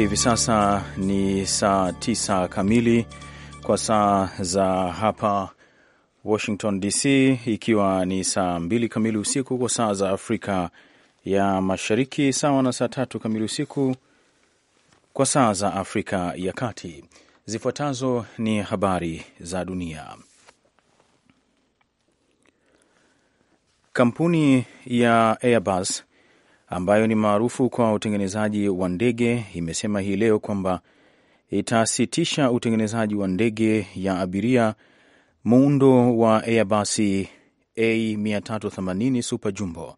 Hivi sasa ni saa tisa kamili kwa saa za hapa Washington DC, ikiwa ni saa mbili kamili usiku kwa saa za Afrika ya Mashariki, sawa na saa tatu kamili usiku kwa saa za Afrika ya Kati. Zifuatazo ni habari za dunia. Kampuni ya Airbus ambayo ni maarufu kwa utengenezaji wa ndege imesema hii leo kwamba itasitisha utengenezaji wa ndege ya abiria muundo wa Airbus A380 Super Jumbo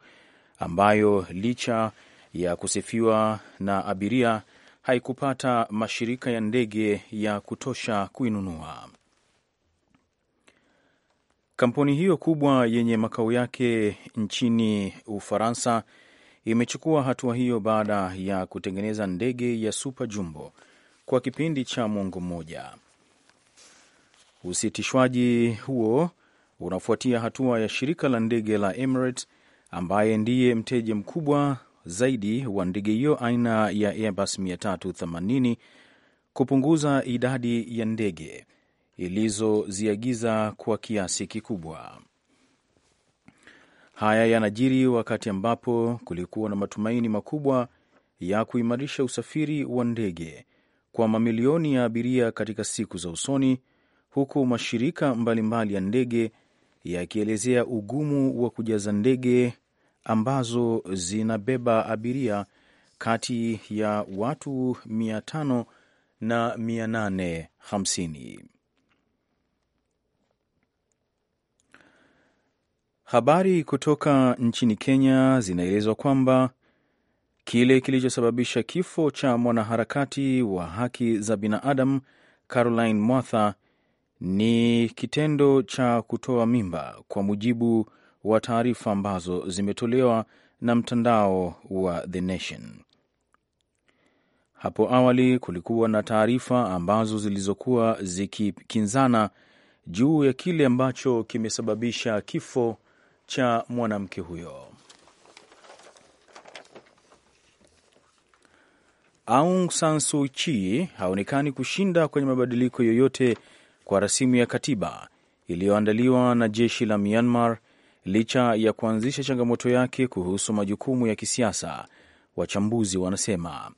ambayo licha ya kusifiwa na abiria haikupata mashirika ya ndege ya kutosha kuinunua. Kampuni hiyo kubwa yenye makao yake nchini Ufaransa imechukua hatua hiyo baada ya kutengeneza ndege ya Super Jumbo kwa kipindi cha mwongo mmoja. Usitishwaji huo unafuatia hatua ya shirika la ndege la Emirates ambaye ndiye mteja mkubwa zaidi wa ndege hiyo aina ya Airbus 380 kupunguza idadi ya ndege ilizoziagiza kwa kiasi kikubwa. Haya yanajiri wakati ambapo kulikuwa na matumaini makubwa ya kuimarisha usafiri wa ndege kwa mamilioni ya abiria katika siku za usoni, huku mashirika mbalimbali mbali ya ndege yakielezea ugumu wa kujaza ndege ambazo zinabeba abiria kati ya watu 500 na 850. Habari kutoka nchini Kenya zinaelezwa kwamba kile kilichosababisha kifo cha mwanaharakati wa haki za binadamu Caroline Mwatha ni kitendo cha kutoa mimba, kwa mujibu wa taarifa ambazo zimetolewa na mtandao wa The Nation. Hapo awali kulikuwa na taarifa ambazo zilizokuwa zikikinzana juu ya kile ambacho kimesababisha kifo cha mwanamke huyo. Aung San Suu Kyi haonekani kushinda kwenye mabadiliko yoyote kwa rasimu ya katiba iliyoandaliwa na jeshi la Myanmar licha ya kuanzisha changamoto yake kuhusu majukumu ya kisiasa. Wachambuzi wanasema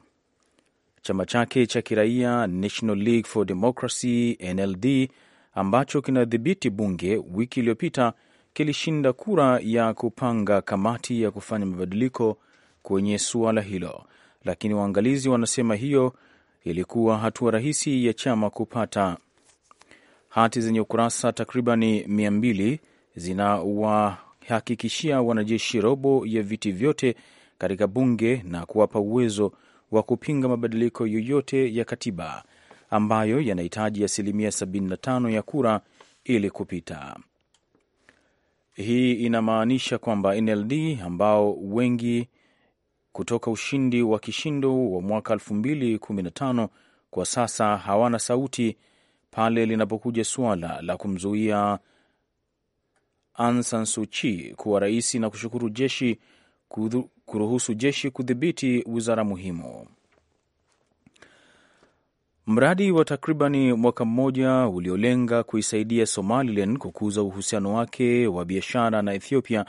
chama chake cha kiraia National League for Democracy NLD ambacho kinadhibiti bunge wiki iliyopita kilishinda kura ya kupanga kamati ya kufanya mabadiliko kwenye suala hilo, lakini waangalizi wanasema hiyo ilikuwa hatua rahisi ya chama kupata hati zenye ukurasa takribani mia mbili zinawahakikishia wanajeshi robo ya viti vyote katika bunge na kuwapa uwezo wa kupinga mabadiliko yoyote ya katiba ambayo yanahitaji asilimia 75 ya kura ili kupita. Hii inamaanisha kwamba NLD ambao wengi kutoka ushindi wa kishindo wa mwaka 2015 kwa sasa hawana sauti pale linapokuja suala la kumzuia Aung San Suu Kyi kuwa rais na kushukuru jeshi kuruhusu jeshi kudhibiti wizara muhimu. Mradi wa takribani mwaka mmoja uliolenga kuisaidia Somaliland kukuza uhusiano wake wa biashara na Ethiopia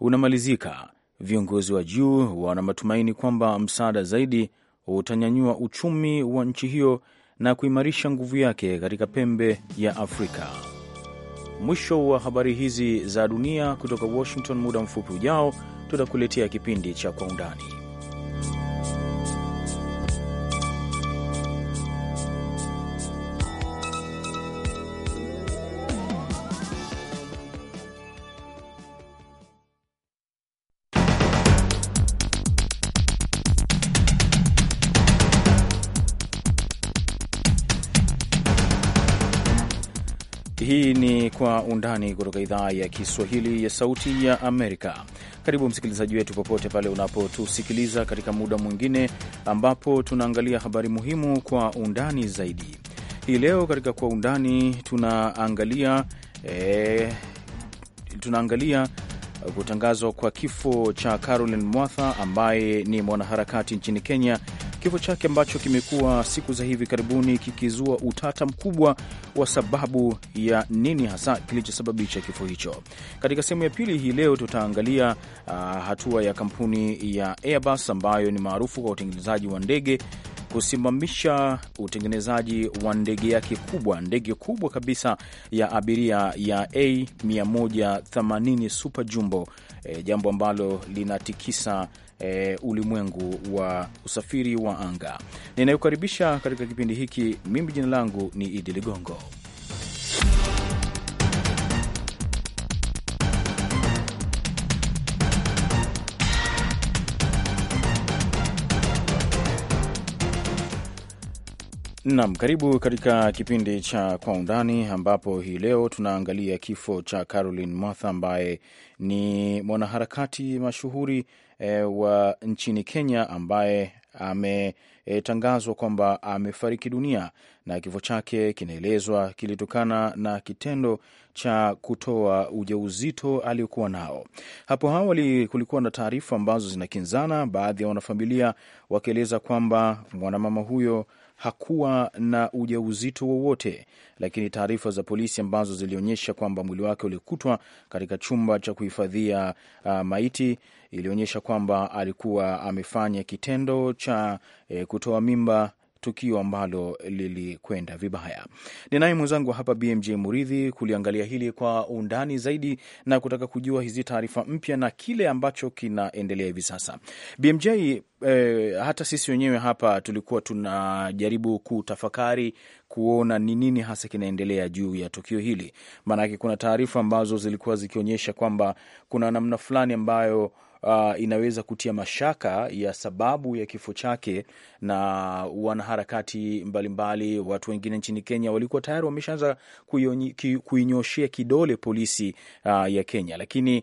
unamalizika. Viongozi wa juu wana matumaini kwamba msaada zaidi utanyanyua uchumi wa nchi hiyo na kuimarisha nguvu yake katika pembe ya Afrika. Mwisho wa habari hizi za dunia kutoka Washington. Muda mfupi ujao, tutakuletea kipindi cha Kwa Undani. Undani kutoka idhaa ya Kiswahili ya Sauti ya Amerika. Karibu msikilizaji wetu popote pale unapotusikiliza katika muda mwingine ambapo tunaangalia habari muhimu kwa undani zaidi. Hii leo katika Kwa Undani tunaangalia e, tunaangalia kutangazwa kwa kifo cha Caroline Mwatha ambaye ni mwanaharakati nchini Kenya kifo chake ambacho kimekuwa siku za hivi karibuni kikizua utata mkubwa wa sababu ya nini hasa kilichosababisha kifo hicho. Katika sehemu ya pili hii leo tutaangalia uh, hatua ya kampuni ya Airbus ambayo ni maarufu kwa utengenezaji wa ndege kusimamisha utengenezaji wa ndege yake kubwa, ndege kubwa kabisa ya abiria ya A180 Super Jumbo, e, jambo ambalo linatikisa e, ulimwengu wa usafiri wa anga. Ninayokaribisha katika kipindi hiki mimi, jina langu ni Idi Ligongo. Nam, karibu katika kipindi cha Kwa Undani, ambapo hii leo tunaangalia kifo cha Caroline Martha ambaye ni mwanaharakati mashuhuri e, wa nchini Kenya ambaye ametangazwa e, kwamba amefariki dunia, na kifo chake kinaelezwa kilitokana na kitendo cha kutoa ujauzito aliyokuwa nao. Hapo awali kulikuwa na taarifa ambazo zinakinzana, baadhi ya wanafamilia wakieleza kwamba mwanamama huyo hakuwa na ujauzito wowote, lakini taarifa za polisi ambazo zilionyesha kwamba mwili wake ulikutwa katika chumba cha kuhifadhia uh, maiti ilionyesha kwamba alikuwa amefanya kitendo cha e, kutoa mimba tukio ambalo lilikwenda vibaya. Ni naye mwenzangu hapa BMJ Muridhi kuliangalia hili kwa undani zaidi na kutaka kujua hizi taarifa mpya na kile ambacho kinaendelea hivi sasa. BMJ, eh, hata sisi wenyewe hapa tulikuwa tunajaribu kutafakari kuona ni nini hasa kinaendelea juu ya tukio hili, maanake kuna taarifa ambazo zilikuwa zikionyesha kwamba kuna namna fulani ambayo uh, inaweza kutia mashaka ya sababu ya kifo chake, na wanaharakati mbalimbali, watu wengine nchini Kenya walikuwa tayari wameshaanza kuinyoshea kidole polisi uh, ya Kenya, lakini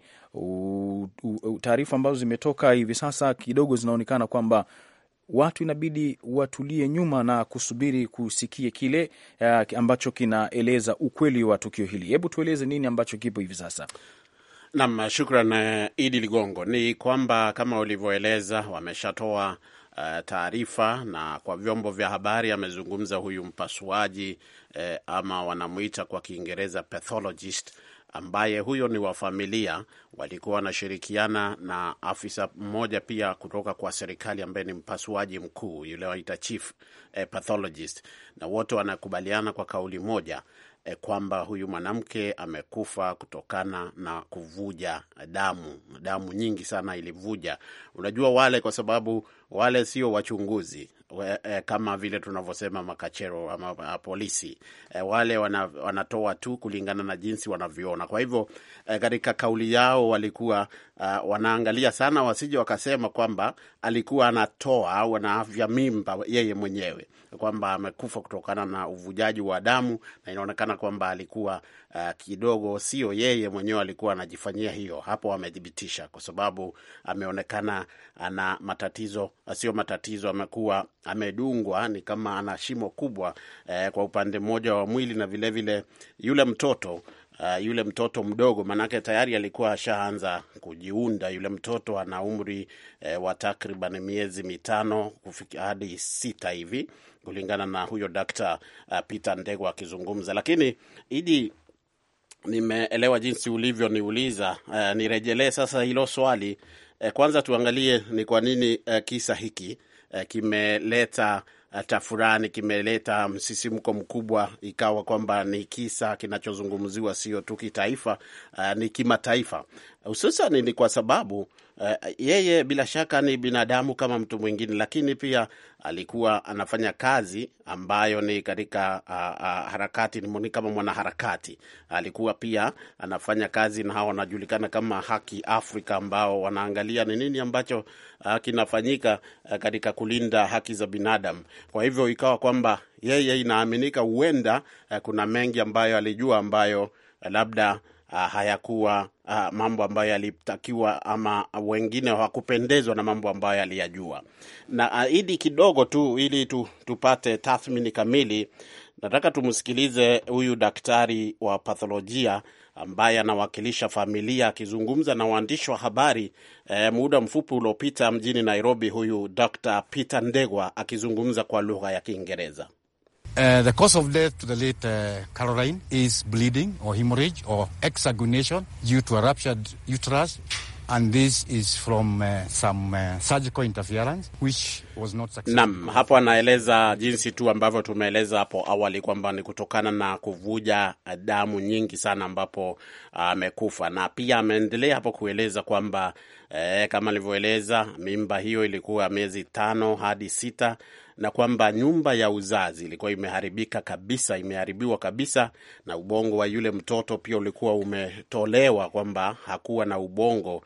taarifa ambazo zimetoka hivi sasa kidogo zinaonekana kwamba watu inabidi watulie nyuma na kusubiri kusikia kile uh, ambacho kinaeleza ukweli wa tukio hili. Hebu tueleze nini ambacho kipo hivi sasa. Nam, shukran eh, Idi Ligongo. Ni kwamba kama ulivyoeleza, wameshatoa uh, taarifa na kwa vyombo vya habari amezungumza huyu mpasuaji eh, ama wanamuita kwa Kiingereza pathologist ambaye huyo ni wa familia, walikuwa wanashirikiana na afisa mmoja pia kutoka kwa serikali ambaye ni mpasuaji mkuu yule waita chief eh, pathologist, na wote wanakubaliana kwa kauli moja e, kwamba huyu mwanamke amekufa kutokana na kuvuja damu. Damu nyingi sana ilivuja, unajua wale, kwa sababu wale sio wachunguzi we, e, kama vile tunavyosema makachero ama polisi e, wale wana, wanatoa tu kulingana na jinsi wanavyoona. Kwa hivyo e, katika kauli yao walikuwa uh, wanaangalia sana wasije wakasema kwamba alikuwa anatoa au anaafya mimba yeye mwenyewe, kwamba amekufa kutokana na uvujaji wa damu, na inaonekana kwamba alikuwa uh, kidogo sio yeye mwenyewe alikuwa anajifanyia hiyo. Hapo amethibitisha kwa sababu ameonekana ana matatizo, sio matatizo, amekuwa amedungwa, ni kama ana shimo kubwa uh, kwa upande mmoja wa mwili na vilevile vile yule mtoto Uh, yule mtoto mdogo manake tayari alikuwa ashaanza kujiunda. Yule mtoto ana umri eh, wa takriban miezi mitano kufikia hadi sita hivi kulingana na huyo Dkt. uh, Peter Ndegwa akizungumza, lakini idi nimeelewa jinsi ulivyoniuliza. Uh, nirejelee sasa hilo swali. Uh, kwanza tuangalie ni kwa nini uh, kisa hiki uh, kimeleta Eh, tafurani kimeleta msisimko mkubwa, ikawa kwamba ni kisa kinachozungumziwa sio tu kitaifa, uh, ni kimataifa, hususan ni kwa sababu uh, yeye bila shaka ni binadamu kama mtu mwingine, lakini pia alikuwa anafanya kazi ambayo ni katika uh, uh, harakati ni kama mwanaharakati. Alikuwa pia anafanya kazi na hawa wanajulikana kama Haki Afrika, ambao wanaangalia ni nini ambacho uh, kinafanyika uh, katika kulinda haki za binadamu. Kwa hivyo ikawa kwamba yeye inaaminika huenda eh, kuna mengi ambayo alijua ambayo eh, labda ah, hayakuwa uh, mambo ambayo yalitakiwa ama wengine hawakupendezwa na mambo ambayo yaliyajua. Na uh, idi kidogo tu ili tu, tupate tathmini kamili, nataka tumsikilize huyu daktari wa patholojia ambaye anawakilisha familia akizungumza na waandishi wa habari eh, muda mfupi uliopita mjini Nairobi. Huyu Dr. Peter Ndegwa akizungumza kwa lugha ya Kiingereza. Uh, the cause of death to the late uh, Caroline is bleeding or hemorrhage or exsanguination due to a ruptured uterus and this is from uh, some uh, surgical interference which was not successful. Naam, hapo anaeleza jinsi tu ambavyo tumeeleza hapo awali kwamba ni kutokana na kuvuja damu nyingi sana ambapo uh, amekufa, uh, na pia ameendelea hapo kueleza kwamba eh, kama alivyoeleza mimba hiyo ilikuwa miezi tano hadi sita na kwamba nyumba ya uzazi ilikuwa imeharibika kabisa, imeharibiwa kabisa, na ubongo wa yule mtoto pia ulikuwa umetolewa, kwamba hakuwa na ubongo uh,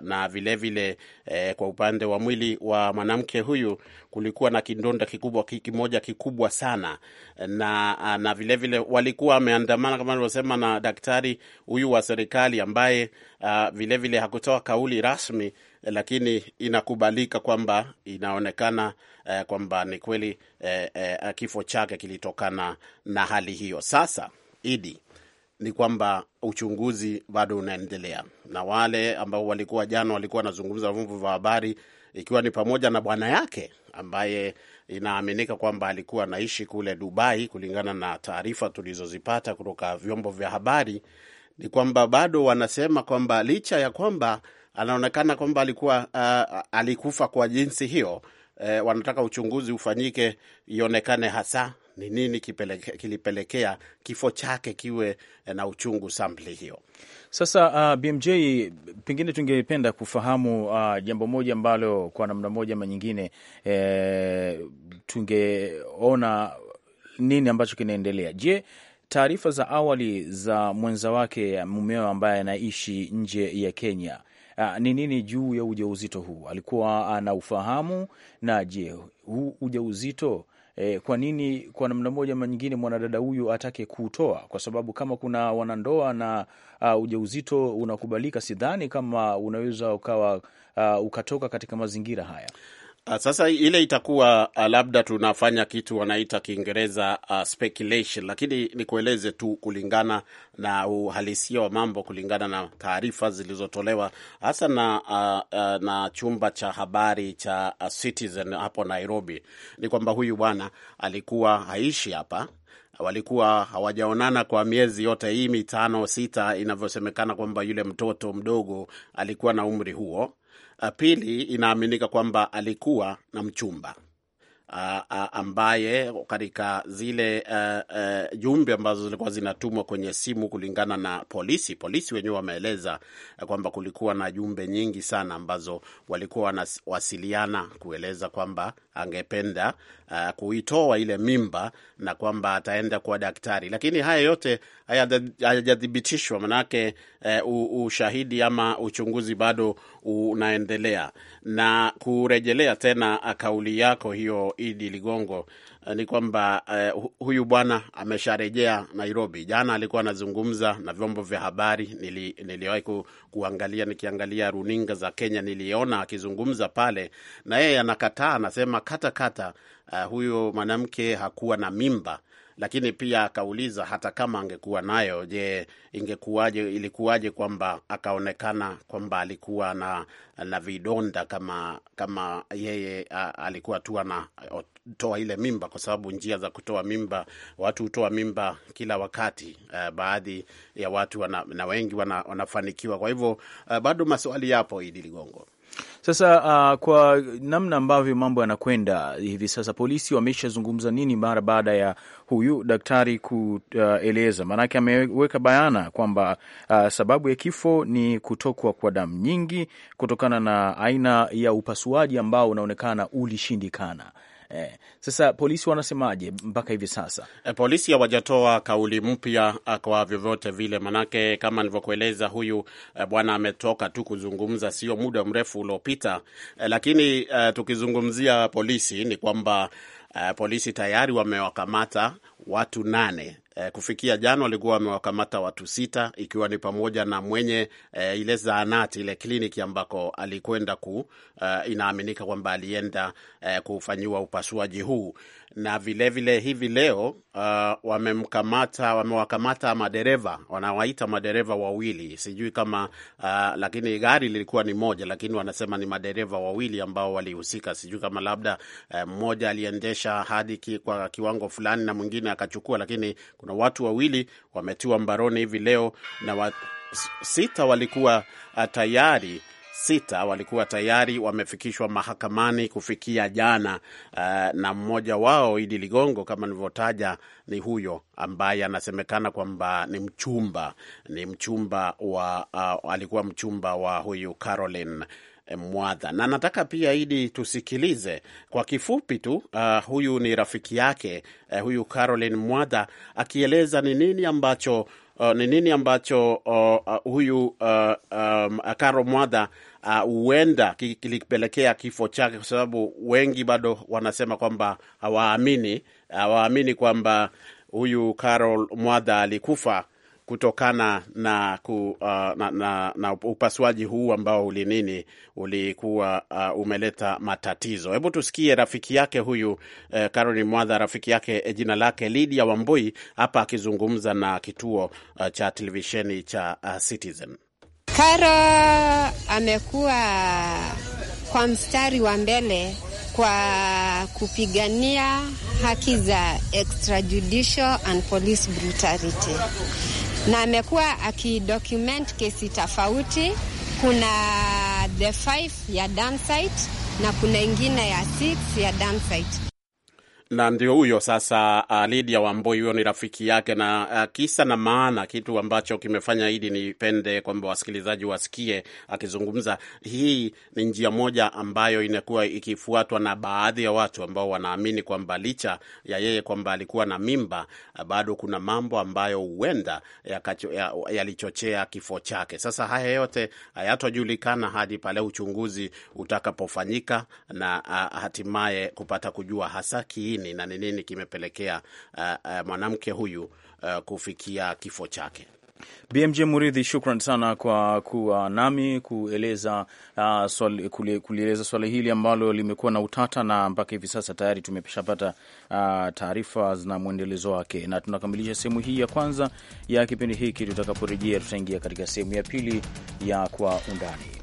na vilevile vile, eh, kwa upande wa mwili wa mwanamke huyu kulikuwa na kidonda kikubwa kimoja kikubwa sana, na uh, na vilevile vile, walikuwa wameandamana kama nilivyosema, na daktari huyu wa serikali ambaye vilevile uh, vile hakutoa kauli rasmi lakini inakubalika kwamba inaonekana eh, kwamba ni kweli eh, eh, kifo chake kilitokana na hali hiyo. Sasa idi ni kwamba uchunguzi bado unaendelea, na wale ambao walikuwa jana walikuwa wanazungumza vyombo vya habari, ikiwa ni pamoja na bwana yake ambaye inaaminika kwamba alikuwa anaishi kule Dubai, kulingana na taarifa tulizozipata kutoka vyombo vya habari, ni kwamba bado wanasema kwamba licha ya kwamba anaonekana kwamba alikuwa uh, alikufa kwa jinsi hiyo. uh, wanataka uchunguzi ufanyike ionekane hasa ni nini kipeleke, kilipelekea kifo chake kiwe eh, na uchungu sampli hiyo. Sasa uh, BMJ pengine tungependa kufahamu uh, jambo moja ambalo kwa namna moja ama nyingine eh, tungeona nini ambacho kinaendelea. Je, taarifa za awali za mwenza wake mumeo ambaye anaishi nje ya Kenya Ah, ni nini juu ya ujauzito huu? Alikuwa ana ufahamu na je, huu ujauzito E, kwa nini kwa namna moja ama nyingine mwanadada huyu atake kutoa? Kwa sababu kama kuna wanandoa na uh, ujauzito unakubalika, sidhani kama unaweza ukawa uh, ukatoka katika mazingira haya. Ah, sasa ile itakuwa ah, labda tunafanya kitu wanaita Kiingereza uh, speculation, lakini nikueleze tu kulingana na uhalisia wa mambo, kulingana na taarifa zilizotolewa hasa na, uh, uh, na chumba cha habari cha Citizen hapo Nairobi, ni kwamba huyu bwana alikuwa haishi hapa walikuwa hawajaonana kwa miezi yote hii mitano sita, inavyosemekana kwamba yule mtoto mdogo alikuwa na umri huo. Ah, pili, inaaminika kwamba alikuwa na mchumba a, ah, a, ah, ambaye katika zile a, eh, a, eh, jumbe ambazo zilikuwa zinatumwa kwenye simu, kulingana na polisi, polisi wenyewe wameeleza eh, kwamba kulikuwa na jumbe nyingi sana ambazo walikuwa wanawasiliana kueleza kwamba angependa uh, kuitoa ile mimba na kwamba ataenda kwa daktari, lakini haya yote hayajathibitishwa, manake uh, ushahidi ama uchunguzi bado unaendelea. Na kurejelea tena uh, kauli yako hiyo, Idi Ligongo, Eh, ni kwamba uh, huyu bwana amesharejea Nairobi. Jana alikuwa anazungumza na vyombo vya habari, nili, niliwahi ku, kuangalia nikiangalia runinga za Kenya, niliona akizungumza pale, na yeye anakataa, anasema katakata uh, eh, huyo mwanamke hakuwa na mimba lakini pia akauliza hata kama angekuwa nayo, je, ingekuwaje, ilikuwaje kwamba akaonekana kwamba alikuwa na, na vidonda kama kama yeye a, alikuwa tu anatoa ile mimba, kwa sababu njia za kutoa mimba, watu hutoa mimba kila wakati a, baadhi ya watu wana, na wengi wana, wanafanikiwa. Kwa hivyo bado maswali yapo, Idi Ligongo. Sasa uh, kwa namna ambavyo mambo yanakwenda hivi sasa, polisi wameshazungumza nini mara baada ya huyu daktari kueleza? Uh, maanake ameweka bayana kwamba uh, sababu ya kifo ni kutokwa kwa damu nyingi kutokana na aina ya upasuaji ambao unaonekana ulishindikana. Eh, sasa polisi wanasemaje mpaka hivi sasa? E, polisi hawajatoa kauli mpya ah, kwa vyovyote vile, manake kama nilivyokueleza huyu e, bwana ametoka tu kuzungumza sio muda mrefu uliopita e, lakini e, tukizungumzia polisi ni kwamba Uh, polisi tayari wamewakamata watu nane E, kufikia jana walikuwa wamewakamata watu sita ikiwa ni pamoja na mwenye e, ile zahanati ile kliniki ambako alikwenda ku e, inaaminika kwamba alienda e, kufanyiwa upasuaji huu na vilevile vile hivi leo uh, wamemkamata wamewakamata madereva wanawaita madereva wawili, sijui kama uh, lakini gari lilikuwa ni moja, lakini wanasema ni madereva wawili ambao walihusika, sijui kama labda eh, mmoja uh, aliendesha hadi ki, kwa kiwango fulani na mwingine akachukua, lakini kuna watu wawili wametiwa mbaroni hivi leo na wa, sita walikuwa uh, tayari sita walikuwa tayari wamefikishwa mahakamani kufikia jana. Uh, na mmoja wao Idi Ligongo, kama nilivyotaja, ni huyo ambaye anasemekana kwamba ni mchumba ni mchumba wa uh, alikuwa mchumba wa huyu Caroline Mwadha. Na nataka pia Idi tusikilize kwa kifupi tu uh, huyu ni rafiki yake uh, huyu Caroline Mwadha akieleza ni nini ambacho uh, ni uh, nini ambacho uh, uh, huyu uh, um, Karo Mwadha Ah, huenda uh, kilipelekea kifo chake, kwa sababu wengi bado wanasema kwamba hawaamini hawaamini kwamba huyu Carol Mwadha alikufa kutokana na, ku, uh, na, na, na upasuaji huu ambao ulinini ulikuwa uh, umeleta matatizo. Hebu tusikie rafiki yake huyu eh, Carol Mwadha, rafiki yake eh, jina lake Lydia Wambui, hapa akizungumza na kituo uh, cha televisheni cha uh, Citizen. Karo amekuwa kwa mstari wa mbele kwa kupigania haki za extrajudicial and police brutality, na amekuwa akidocument kesi tofauti. Kuna the 5 ya Damsite na kuna ingine ya 6 ya Damsite na ndio huyo sasa uh, Lydia Wamboi, huyo ni rafiki yake, na uh, kisa na maana, kitu ambacho kimefanya hili nipende kwamba wasikilizaji wasikie akizungumza. Hii ni njia moja ambayo inakuwa ikifuatwa na baadhi ya watu ambao wanaamini kwamba licha ya yeye kwamba alikuwa na mimba, uh, bado kuna mambo ambayo huenda yalichochea ya, ya kifo chake. Sasa haya yote hayatojulikana hadi pale uchunguzi utakapofanyika na uh, hatimaye kupata kujua hasa kiini nini na ni nini kimepelekea uh, uh, mwanamke huyu uh, kufikia kifo chake. BMJ Muridhi, shukran sana kwa kuwa nami kueleza uh, swali, kulieleza swali hili ambalo limekuwa na utata na mpaka hivi sasa tayari tumeshapata uh, taarifa na mwendelezo wake, na tunakamilisha sehemu hii ya kwanza ya kipindi hiki. Tutakaporejea tutaingia katika sehemu ya pili ya kwa undani.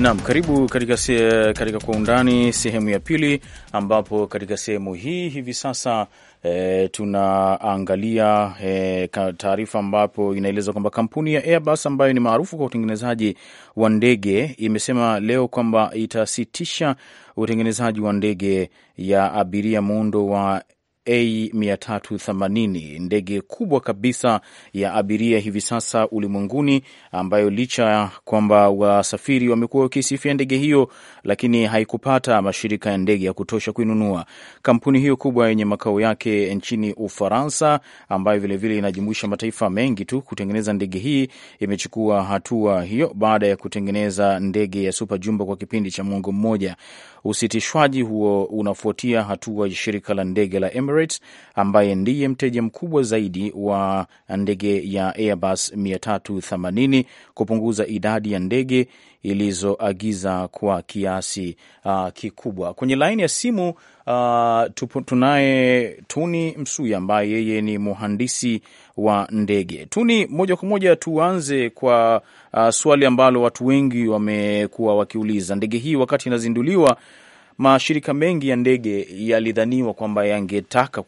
Naam, karibu katika, se, katika kwa undani sehemu ya pili, ambapo katika sehemu hii hivi sasa e, tunaangalia e, taarifa ambapo inaeleza kwamba kampuni ya Airbus ambayo ni maarufu kwa utengenezaji wa ndege imesema leo kwamba itasitisha utengenezaji wa ndege ya abiria muundo wa A380 ndege kubwa kabisa ya abiria hivi sasa ulimwenguni, ambayo licha ya kwamba wasafiri wamekuwa wakisifia ndege hiyo, lakini haikupata mashirika ya ndege ya kutosha kuinunua. Kampuni hiyo kubwa yenye makao yake nchini Ufaransa, ambayo vilevile inajumuisha mataifa mengi tu kutengeneza ndege hii, imechukua hatua hiyo baada ya kutengeneza ndege ya Super Jumbo kwa kipindi cha mwongo mmoja. Usitishwaji huo unafuatia hatua ya shirika la ndege la Emirates Emirates ambaye ndiye mteja mkubwa zaidi wa ndege ya Airbus 380 kupunguza idadi ya ndege ilizoagiza kwa kiasi uh, kikubwa. Kwenye laini ya simu uh, tunaye Tuni Msuya ambaye yeye ni mhandisi wa ndege. Tuni, moja kwa moja tuanze kwa uh, swali ambalo watu wengi wamekuwa wakiuliza. Ndege hii wakati inazinduliwa mashirika mengi ya ndege yalidhaniwa kwamba yangetaka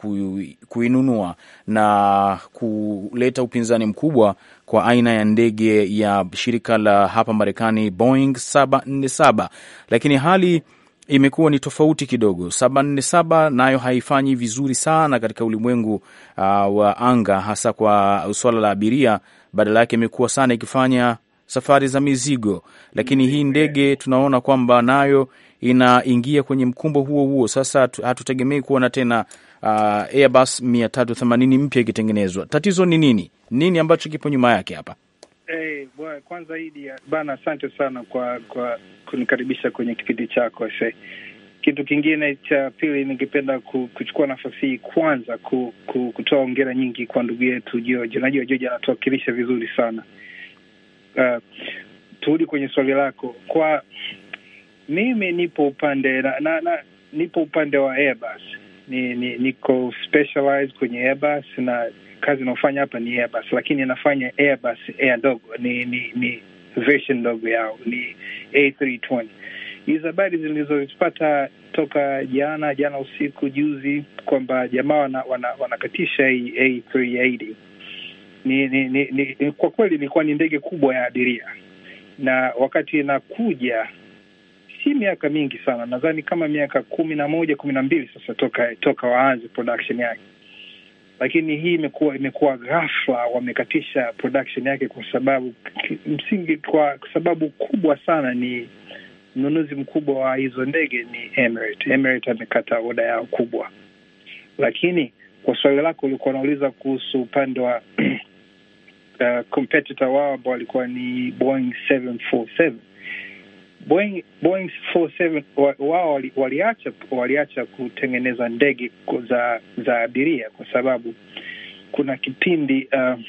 kuinunua na kuleta upinzani mkubwa kwa aina ya ndege ya shirika la hapa Marekani Boeing 747, lakini hali imekuwa ni tofauti kidogo. 747 nayo haifanyi vizuri sana katika ulimwengu uh, wa anga, hasa kwa swala la abiria. Badala yake imekuwa sana ikifanya safari za mizigo, lakini hii ndege tunaona kwamba nayo inaingia kwenye mkumbo huo huo. Sasa hatutegemei kuona tena uh, Airbus 380 mpya ikitengenezwa. Tatizo ni nini? Nini ambacho kipo nyuma yake hapa? Hey, eh, kwanza Idi bana, asante sana kwa kwa kunikaribisha kwenye kipindi chako. Kitu kingine cha pili, ningependa kuchukua nafasi hii kwanza ku, ku, kutoa ongera nyingi kwa ndugu yetu George. Najua George anatuwakilisha vizuri sana. Uh, turudi kwenye swali lako kwa mimi nipo upande na, na, na nipo upande wa Airbus. Ni, ni, niko specialized kwenye Airbus na kazi inaofanya hapa ni Airbus, lakini inafanya Airbus air ndogo, ni ni, ni version ndogo yao ni A320. Hizi habari zilizozipata toka jana jana usiku juzi kwamba jamaa wana, wana, wanakatisha hii A380 ni, ni, ni, ni, kwa kweli ilikuwa ni ndege kubwa ya abiria, na wakati inakuja si miaka mingi sana, nadhani kama miaka kumi na moja kumi na mbili sasa toka toka waanze production yake, lakini hii imekuwa imekuwa ghafla, wamekatisha production yake kwa sababu msingi, kwa sababu kubwa sana ni mnunuzi mkubwa wa hizo ndege ni Emirates. Emirates amekata oda yao kubwa, lakini kwa swali lako ulikuwa unauliza kuhusu upande wa uh, competitor wao ambao walikuwa ni Boeing 747 Boeing, Boeing 47 wao waliacha waliacha kutengeneza ndege za za abiria kwa sababu kuna kipindi uh,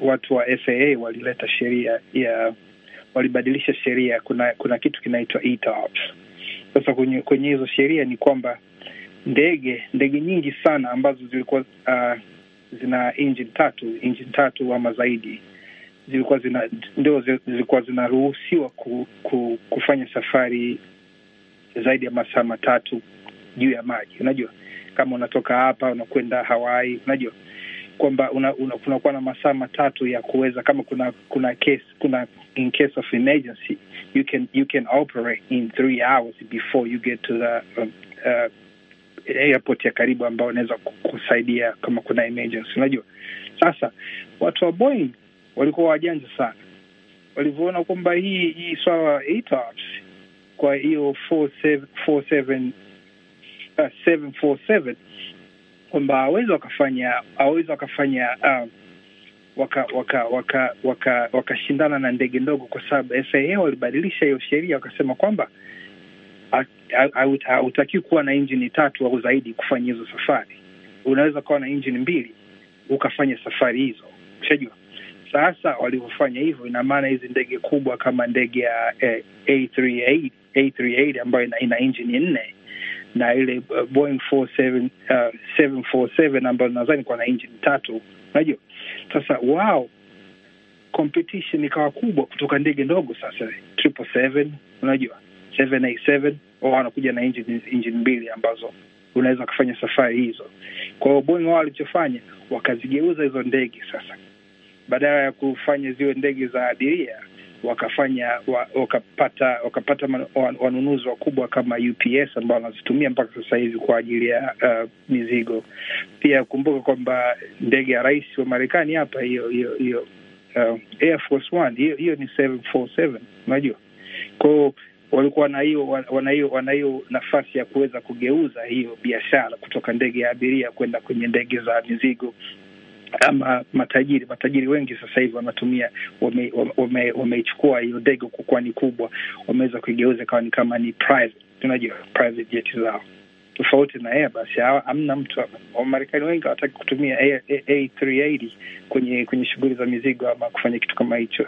watu wa FAA walileta sheria ya walibadilisha sheria. Kuna kuna kitu kinaitwa ETOPS. Sasa kwenye kwenye hizo sheria ni kwamba ndege ndege nyingi sana ambazo zilikuwa uh, zina engine tatu engine tatu ama zaidi zilikuwa zina ndio zilikuwa zinaruhusiwa ku, ku, kufanya safari zaidi ya masaa matatu juu ya maji. Unajua, kama unatoka hapa unakwenda Hawaii, unajua kwamba unakuwa una, una na masaa matatu ya kuweza kama kuna kuna case, kuna in case of emergency you can you can operate in three hours before you get to the um, uh, airport ya karibu ambayo unaweza kusaidia kama kuna emergency. Unajua, sasa watu wa Boeing walikuwa wajanja sana walivyoona kwamba hii hii swala la kwa hiyo 747 uh, kwamba hawezi wakafanya hawezi wakafanya um, wakashindana na ndege ndogo, kwa sababu FAA walibadilisha hiyo sheria wakasema kwamba hautakiwi kuwa na injini tatu au zaidi kufanya hizo safari. Unaweza kuwa na injini mbili ukafanya safari hizo, ushajua. Sasa walivyofanya hivyo, ina maana hizi ndege kubwa kama ndege ya eh, A38, A38 ambayo ina, ina injini nne na ile eh, Boeing 47, uh, 747 ambayo nadhani kwa na injini tatu. Unajua sasa wao competition ikawa kubwa kutoka ndege ndogo sasa 777, unajua 787 wao wanakuja na injini mbili ambazo unaweza kufanya safari hizo. Kwa hiyo Boeing wao walichofanya wakazigeuza hizo ndege sasa badala ya kufanya ziwe ndege za abiria mm. wakafanya wa, wakapata wakapata wanunuzi wakubwa kama UPS ambao wanazitumia mpaka sasa hivi kwa ajili ya uh, mizigo. Pia kumbuka kwamba ndege ya rais wa Marekani hapa hiyo hiyo hiyo uh, Air Force One hiyo hiyo ni 747 unajua, kwao walikuwa na hiyo wana hiyo wana hiyo nafasi ya kuweza kugeuza hiyo biashara kutoka ndege ya abiria kwenda kwenye ndege za mizigo ama matajiri matajiri wengi sasa hivi wanatumia wameichukua wame, wame hiyo ndege kukuwa ni kubwa, wameweza kuigeuza ikawa ni kama ni private, private jet zao tofauti na Airbus. Basi amna mtu, Wamarekani wengi hawataki kutumia A380 kwenye kwenye shughuli za mizigo ama kufanya kitu kama hicho.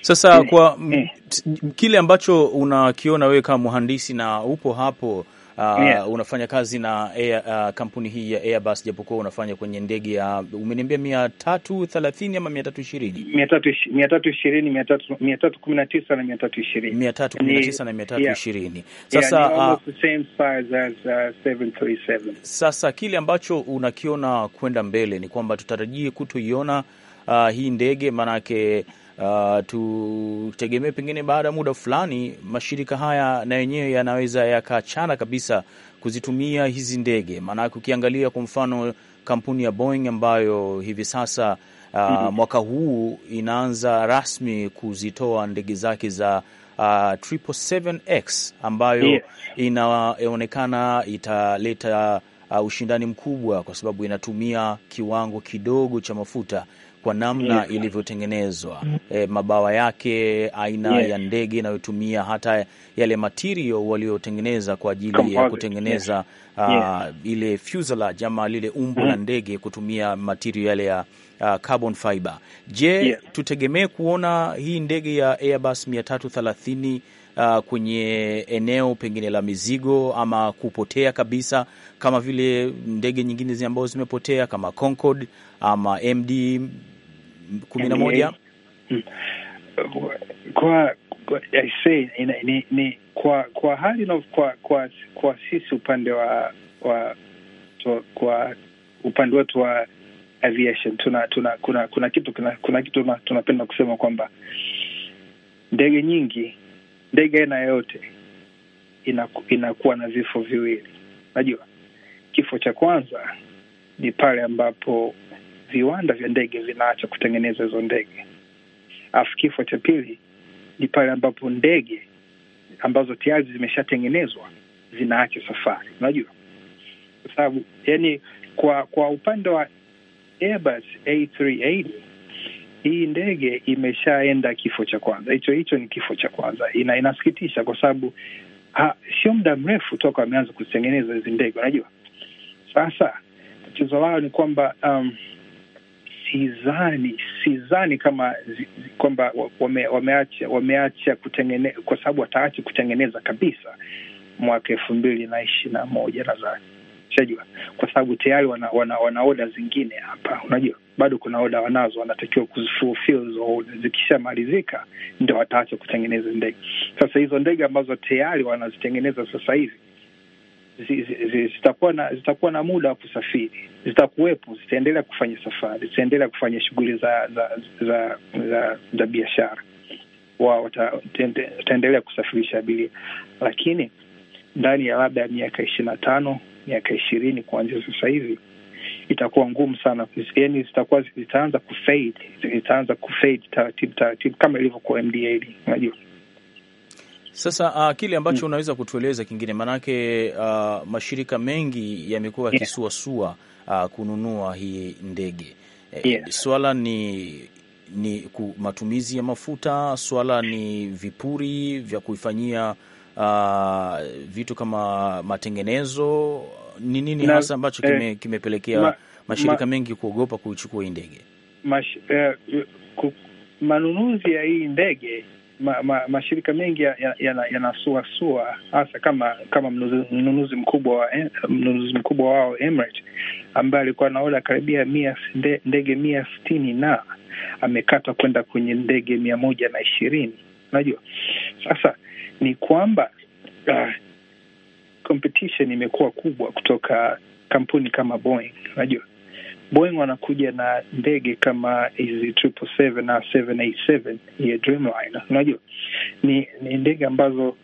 Sasa eh, kwa eh. kile ambacho unakiona wewe kama mhandisi na upo hapo uh, yeah. Unafanya kazi na air, uh, kampuni hii ya Airbus japokuwa unafanya kwenye ndege ya umeniambia mia tatu thelathini ama mia tatu ishirini mia tatu ishirini mia tatu kumi na tisa na mia tatu ishirini mia tatu kumi na tisa na mia tatu ishirini Sasa uh, uh, sasa kile ambacho unakiona kwenda mbele ni kwamba tutarajie kutoiona uh, hii ndege maanake Uh, tutegemee pengine baada ya muda fulani mashirika haya na yenyewe yanaweza yakachana kabisa kuzitumia hizi ndege. Maanake ukiangalia kwa mfano kampuni ya Boeing ambayo hivi sasa uh, mm -hmm. mwaka huu inaanza rasmi kuzitoa ndege zake za uh, 777X ambayo yes. inaonekana italeta uh, ushindani mkubwa kwa sababu inatumia kiwango kidogo cha mafuta kwa namna ilivyotengenezwa, e, mabawa yake, aina yeah, ya ndege inayotumia, hata yale matirio waliotengeneza kwa ajili ya kutengeneza yeah. Uh, ile fuselage ama lile umbo la mm, ndege kutumia matirio yale ya uh, carbon fiber. Je, yeah, tutegemee kuona hii ndege ya Airbus 330 Uh, kwenye eneo pengine la mizigo ama kupotea kabisa kama vile ndege nyingine ambazo zimepotea kama Concorde ama MD kumi na moja kwa kwa, I say, ni, ni kwa kwa hali na kwa kwa kwa sisi upande wa wa to, kwa upande wetu wa aviation tuna tuna kuna kuna kitu kuna, kuna kitu tunapenda kusema kwamba ndege nyingi, ndege aina yoyote inaku, inakuwa na vifo viwili. Najua kifo cha kwanza ni pale ambapo viwanda vya ndege vinaacha kutengeneza hizo ndege. Alafu kifo cha pili ni pale ambapo ndege ambazo tayari zimeshatengenezwa zinaacha safari, unajua kwa sababu yani, kwa kwa upande wa Airbus A380 hii ndege imeshaenda kifo cha kwanza. Hicho hicho ni kifo cha kwanza. Ina, inasikitisha kwa sababu sio muda mrefu toka wameanza kuzitengeneza hizi ndege, unajua. Sasa tatizo lao ni kwamba um, sizani sizani kama kwamba wame, wameacha wameacha kutengene, kwa sababu wataacha kutengeneza kabisa mwaka elfu mbili na ishiri na moja nadhani shajua, kwa sababu tayari wana, wana, wana oda zingine hapa. Unajua bado kuna oda wanazo, wanatakiwa kuzifulfill oda. Zikishamalizika ndo wataacha kutengeneza ndege. Sasa hizo ndege ambazo tayari wanazitengeneza sasa hivi zitakuwa na zitakuwa na muda wa kusafiri, zitakuwepo, zitaendelea kufanya safari, zitaendelea kufanya shughuli za za za, za, za biashara, wao wataendelea kusafirisha abiria, lakini ndani ya labda ya miaka ishirini na tano miaka ishirini kuanzia sasa hivi itakuwa ngumu sana, yani zitakuwa zitaanza kufade, zitaanza kufade taratibu taratibu, kama ilivyokuwa MDA, unajua. Sasa uh, kile ambacho mm, unaweza kutueleza kingine, maanake uh, mashirika mengi yamekuwa yakisuasua yeah, uh, kununua hii ndege eh, yeah. Swala ni ni matumizi ya mafuta, swala ni vipuri vya kuifanyia uh, vitu kama matengenezo. Ni nini hasa ambacho eh, kime, kimepelekea ma, mashirika ma, mengi kuogopa kuichukua hii ndege? Eh, manunuzi ya hii ndege ma, ma, mashirika mengi yanasuasua ya, ya, ya hasa kama kama mnunuzi mkubwa wa eh, mnunuzi mkubwa wao Emirates ambaye alikuwa naola karibia mia ndege mia sitini na amekatwa kwenda kwenye ndege mia moja na ishirini. Unajua, sasa ni kwamba uh, competition imekuwa kubwa kutoka kampuni kama Boeing, unajua Boeing wanakuja na ndege kama hizi triple seven na seven eight seven ya Dreamliner, unajua ni ni ndege ambazo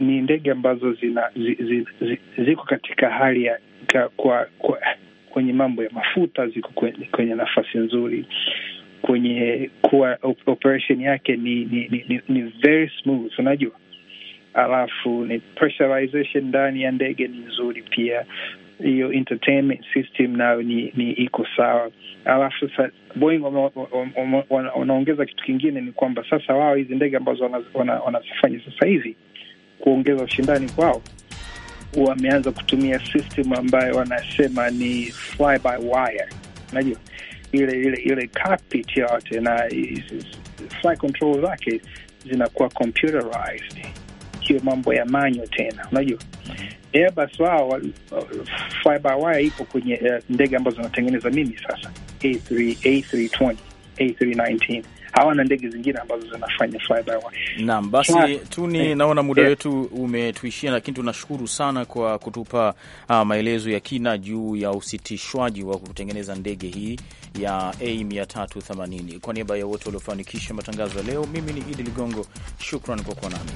ni ndege ambazo zina zi, zi, zi, ziko katika hali ya ka, kwa, kwa kwenye mambo ya mafuta ziko kwenye, kwenye nafasi nzuri kwenye kuwa operation yake ni ni, ni, ni, ni very smooth unajua alafu ni pressurization ndani ya ndege ni nzuri pia hiyo entertainment system nayo ni, ni iko sawa. Alafu sasa Boeing wanaongeza kitu kingine ni kwamba sasa wao hizi ndege ambazo wanazifanya wana, wana sasa hivi kuongeza ushindani kwao, wameanza kutumia system ambayo wanasema ni fly by wire, ile ile ile cockpit yote na control zake zinakuwa computerized isiwe mambo ya manyo tena, unajua Airbus wao uh, fiber wire ipo kwenye uh, ndege ambazo zinatengeneza mimi sasa A3, A320, A319 hawana ndege zingine ambazo zinafanya fiber wire. Naam, basi tuni yeah. Naona muda yeah. wetu umetuishia, lakini tunashukuru sana kwa kutupa uh, maelezo ya kina juu ya usitishwaji wa kutengeneza ndege hii ya A380. Kwa niaba ya wote waliofanikisha matangazo ya leo, mimi ni Idi Ligongo, shukran kwa kuwa nami.